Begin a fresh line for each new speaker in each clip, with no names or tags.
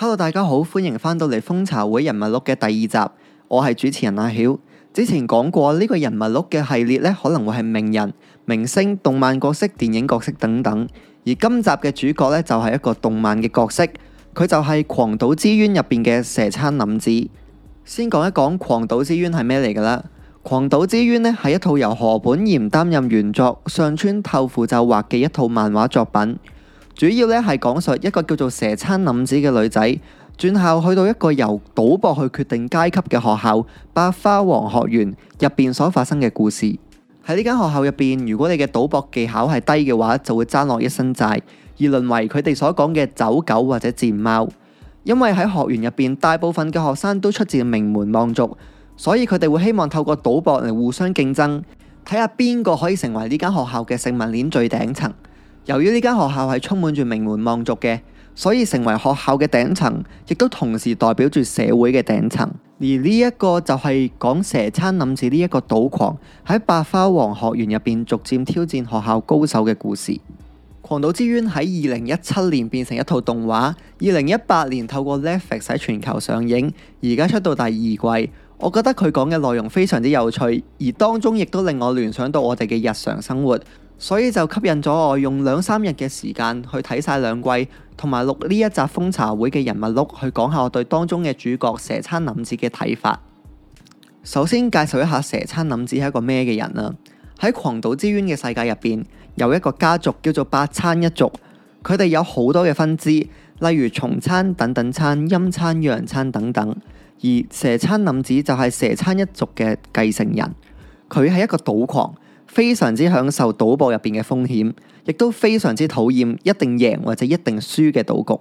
hello，大家好，歡迎返到嚟《瘋茶會人物錄》嘅第二集，我係主持人阿曉。之前講過呢、呢個人物錄嘅系列咧，可能會係名人、明星、動漫角色、電影角色等等。而今集嘅主角呢，就係一個動漫嘅角色，佢就係《狂賭之淵》入邊嘅蛇喰凜子。先講一講狂《狂賭之淵》係咩嚟噶啦，《狂賭之淵》呢係一套由河本賢擔任原作、上川透輔就畫嘅一套漫畫作品。主要咧，係講述一個叫做蛇喰凜子嘅女仔，轉校去到一個由賭博去決定階級嘅學校——百花王學園入邊所發生嘅故事。喺呢間學校入邊，如果你嘅賭博技巧係低嘅話，就會爭落一身債，而淪為佢哋所講嘅走狗或者賤貓。因為喺學園入邊，大部分嘅學生都出自名門望族，所以佢哋會希望透過賭博嚟，互相競爭，睇下邊個可以成為呢間學校嘅食物鏈最頂層。由於呢間學校係充滿住名門望族嘅，所以成為學校嘅頂層，亦都同時代表住社會嘅頂層。而呢一個就係講蛇喰凜子呢一個賭狂喺百花王學院入邊逐漸挑戰學校高手嘅故事。《狂賭之淵》喺二零一七年變成一套動畫，二零一八年透過 Netflix 喺全球上映，而家出到第二季。我覺得佢講嘅內容非常之有趣，而當中亦都令我聯想到我哋嘅日常生活。所以就吸引咗我用兩三日嘅時間去睇晒兩季，同埋錄呢一集瘋茶會嘅人物錄，去講下我對當中嘅主角蛇喰凜子嘅睇法。首先介紹一下蛇喰凜子係一個咩嘅人啊？喺狂賭之淵嘅世界入邊，有一個家族叫做百喰一族，佢哋有好多嘅分支，例如蟲喰、等等喰、陰喰、陽喰等等。而蛇喰凜子就係蛇喰一族嘅繼承人，佢係一個賭狂。非常之享受賭博入邊嘅風險，亦都非常之討厭一定贏或者一定輸嘅賭局。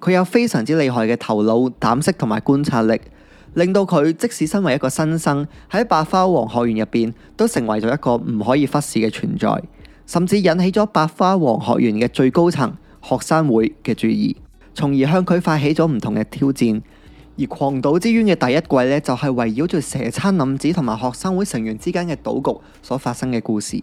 佢有非常之厲害嘅頭腦、膽識同埋觀察力，令到佢即使身為一個新生喺百花王學院入邊，都成為咗一個唔可以忽視嘅存在，甚至引起咗百花王學院嘅最高層學生會嘅注意，從而向佢發起咗唔同嘅挑戰。而《狂賭之淵》嘅第一季咧，就係、是、圍繞住蛇喰凜子同埋學生會成員之間嘅賭局所發生嘅故事。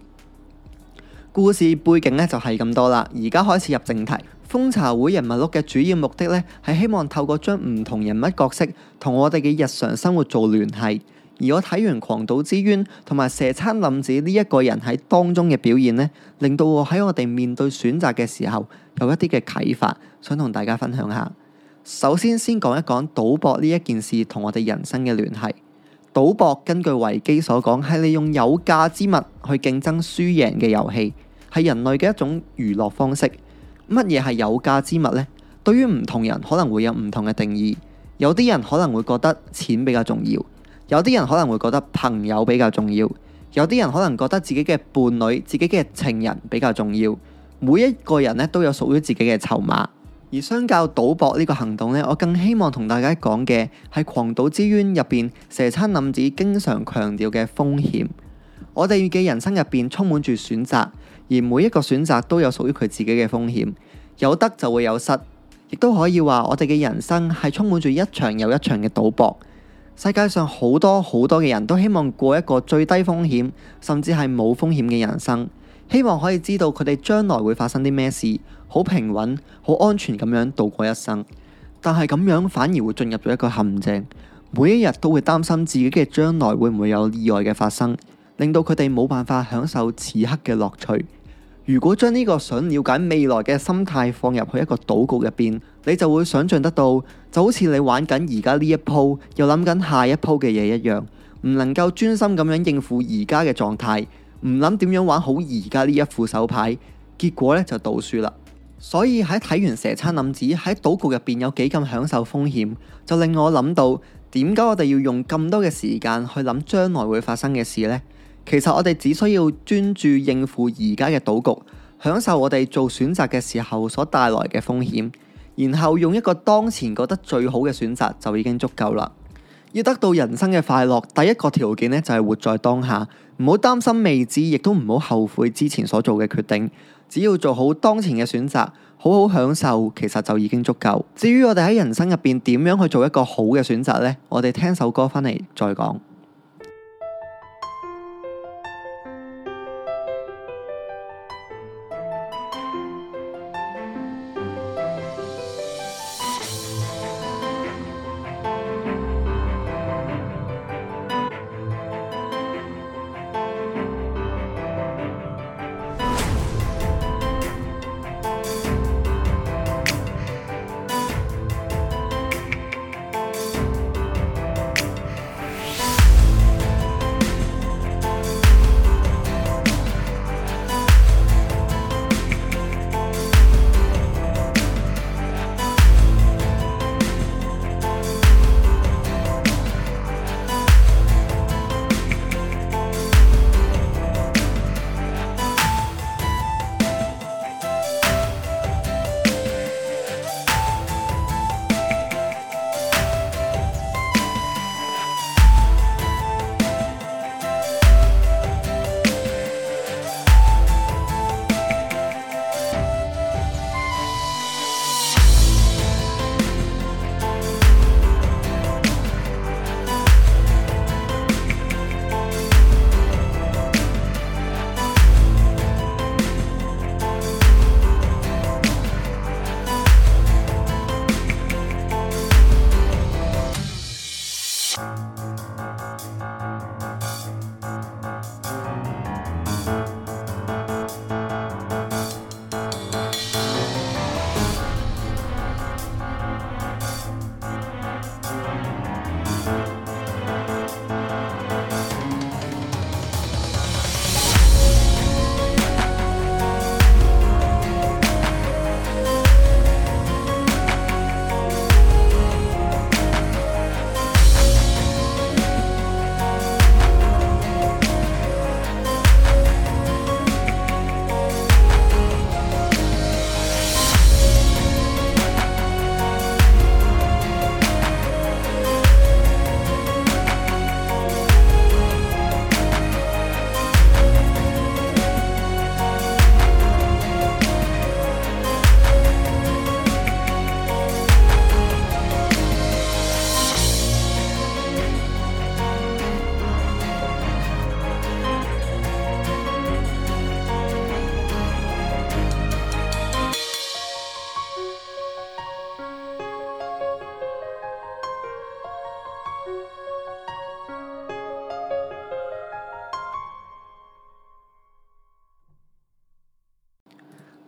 故事背景咧就係咁多啦。而家開始入正題，《瘋茶會人物錄》嘅主要目的咧，係希望透過將唔同人物角色同我哋嘅日常生活做聯繫。而我睇完狂《狂賭之淵》同埋蛇喰凜子呢一個人喺當中嘅表現咧，令到我喺我哋面對選擇嘅時候有一啲嘅啟發，想同大家分享下。首先，先講一講賭博呢一件事同我哋人生嘅聯繫。賭博根據維基所講，係利用有價之物去競爭輸贏嘅遊戲，係人類嘅一種娛樂方式。乜嘢係有價之物呢？對於唔同人可能會有唔同嘅定義。有啲人可能會覺得錢比較重要，有啲人可能會覺得朋友比較重要，有啲人可能覺得自己嘅伴侶、自己嘅情人比較重要。每一個人呢都有屬於自己嘅籌碼。而相較賭博呢個行動呢，我更希望同大家講嘅係《狂賭之淵》入邊蛇喰凜子經常強調嘅風險。我哋嘅人生入邊充滿住選擇，而每一個選擇都有屬於佢自己嘅風險。有得就會有失，亦都可以話我哋嘅人生係充滿住一場又一場嘅賭博。世界上好多好多嘅人都希望過一個最低風險，甚至係冇風險嘅人生，希望可以知道佢哋將來會發生啲咩事。好平穩、好安全咁樣度過一生，但係咁樣反而會進入咗一個陷阱。每一日都會擔心自己嘅將來會唔會有意外嘅發生，令到佢哋冇辦法享受此刻嘅樂趣。如果將呢個想了解未來嘅心態放入去一個賭局入邊，你就會想象得到，就好似你玩緊而家呢一鋪，又諗緊下一鋪嘅嘢一樣，唔能夠專心咁樣應付而家嘅狀態，唔諗點樣玩好而家呢一副手牌，結果呢就倒輸啦。所以喺睇完蛇喰凜子喺賭局入邊有幾咁享受風險，就令我諗到點解我哋要用咁多嘅時間去諗將來會發生嘅事呢？其實我哋只需要專注應付而家嘅賭局，享受我哋做選擇嘅時候所帶來嘅風險，然後用一個當前覺得最好嘅選擇就已經足夠啦。要得到人生嘅快樂，第一個條件呢，就係活在當下，唔好擔心未知，亦都唔好後悔之前所做嘅決定。只要做好當前嘅選擇，好好享受，其實就已經足夠。至於我哋喺人生入邊點樣去做一個好嘅選擇咧，我哋聽首歌翻嚟再講。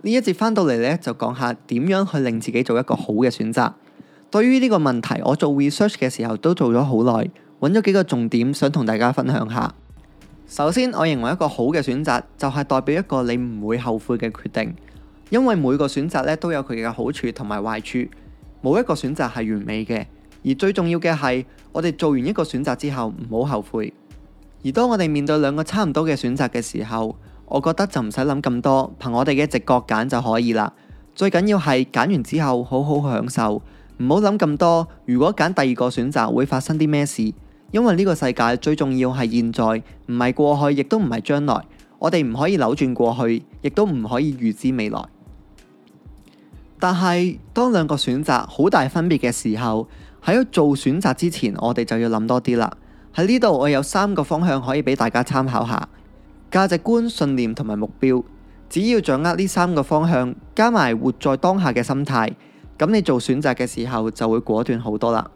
呢一節翻到嚟咧，就講下點樣去令自己做一個好嘅選擇。對於呢個問題，我做 research 嘅時候都做咗好耐，揾咗幾個重點想同大家分享下。首先，我認為一個好嘅選擇就係代表一個你唔會後悔嘅決定，因為每個選擇咧都有佢嘅好處同埋壞處，冇一個選擇係完美嘅。而最重要嘅係，我哋做完一個選擇之後唔好後悔。而當我哋面對兩個差唔多嘅選擇嘅時候，我覺得就唔使諗咁多，憑我哋嘅直覺揀就可以啦。最緊要係揀完之後好好享受，唔好諗咁多。如果揀第二個選擇，會發生啲咩事？因為呢個世界最重要係現在，唔係過去，亦都唔係將來。我哋唔可以扭轉過去，亦都唔可以預知未來。但係當兩個選擇好大分別嘅時候，喺做選擇之前，我哋就要諗多啲啦。喺呢度，我有三個方向可以俾大家參考下。價值觀、信念同埋目標，只要掌握呢三個方向，加埋活在當下嘅心態，咁你做選擇嘅時候就會果斷好多啦。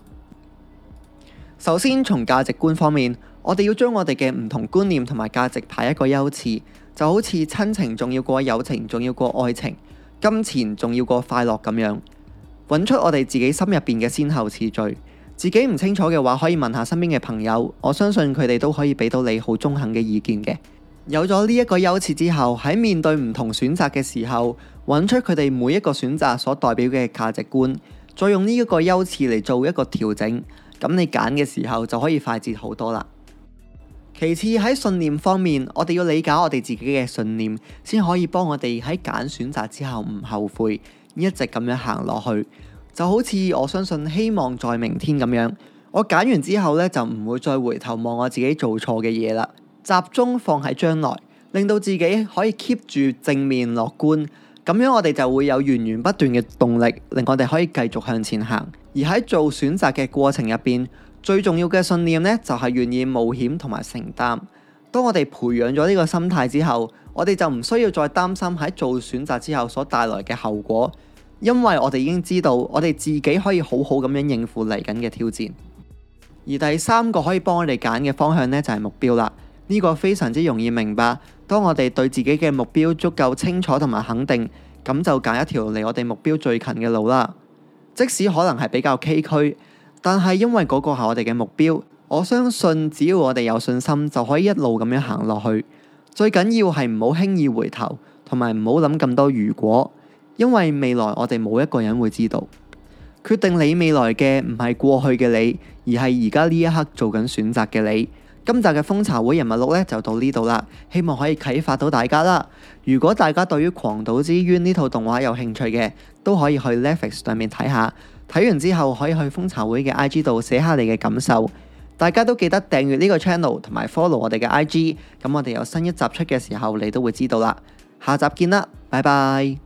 首先，從價值觀方面，我哋要將我哋嘅唔同觀念同埋價值排一個優次，就好似親情重要過友情，重要過愛情，金錢重要過快樂咁樣，揾出我哋自己心入邊嘅先後次序。自己唔清楚嘅話，可以問下身邊嘅朋友，我相信佢哋都可以俾到你好中肯嘅意見嘅。有咗呢一個優次之後，喺面對唔同選擇嘅時候，揾出佢哋每一個選擇所代表嘅價值觀，再用呢一個優次嚟做一個調整，咁你揀嘅時候就可以快捷好多啦。其次喺信念方面，我哋要理解我哋自己嘅信念，先可以幫我哋喺揀選擇之後唔後悔，一直咁樣行落去。就好似我相信希望在明天咁樣，我揀完之後呢，就唔會再回頭望我自己做錯嘅嘢啦。集中放喺將來，令到自己可以 keep 住正面樂觀，咁樣我哋就會有源源不斷嘅動力，令我哋可以繼續向前行。而喺做選擇嘅過程入邊，最重要嘅信念呢，就係願意冒險同埋承擔。當我哋培養咗呢個心態之後，我哋就唔需要再擔心喺做選擇之後所帶來嘅後果，因為我哋已經知道我哋自己可以好好咁樣應付嚟緊嘅挑戰。而第三個可以幫我哋揀嘅方向呢，就係目標啦。呢個非常之容易明白。當我哋對自己嘅目標足夠清楚同埋肯定，咁就揀一條離我哋目標最近嘅路啦。即使可能係比較崎嶇，但係因為嗰個係我哋嘅目標，我相信只要我哋有信心，就可以一路咁樣行落去。最緊要係唔好輕易回頭，同埋唔好諗咁多如果，因為未來我哋冇一個人會知道。決定你未來嘅唔係過去嘅你，而係而家呢一刻做緊選擇嘅你。今集嘅《瘋茶會人物錄》咧就到呢度啦，希望可以啟發到大家啦。如果大家對於《狂賭之淵》呢套動畫有興趣嘅，都可以去 Netflix 上面睇下。睇完之後可以去瘋茶會嘅 IG 度寫下你嘅感受。大家都記得訂閱呢個 channel 同埋 follow 我哋嘅 IG。咁我哋有新一集出嘅時候，你都會知道啦。下集見啦，拜拜。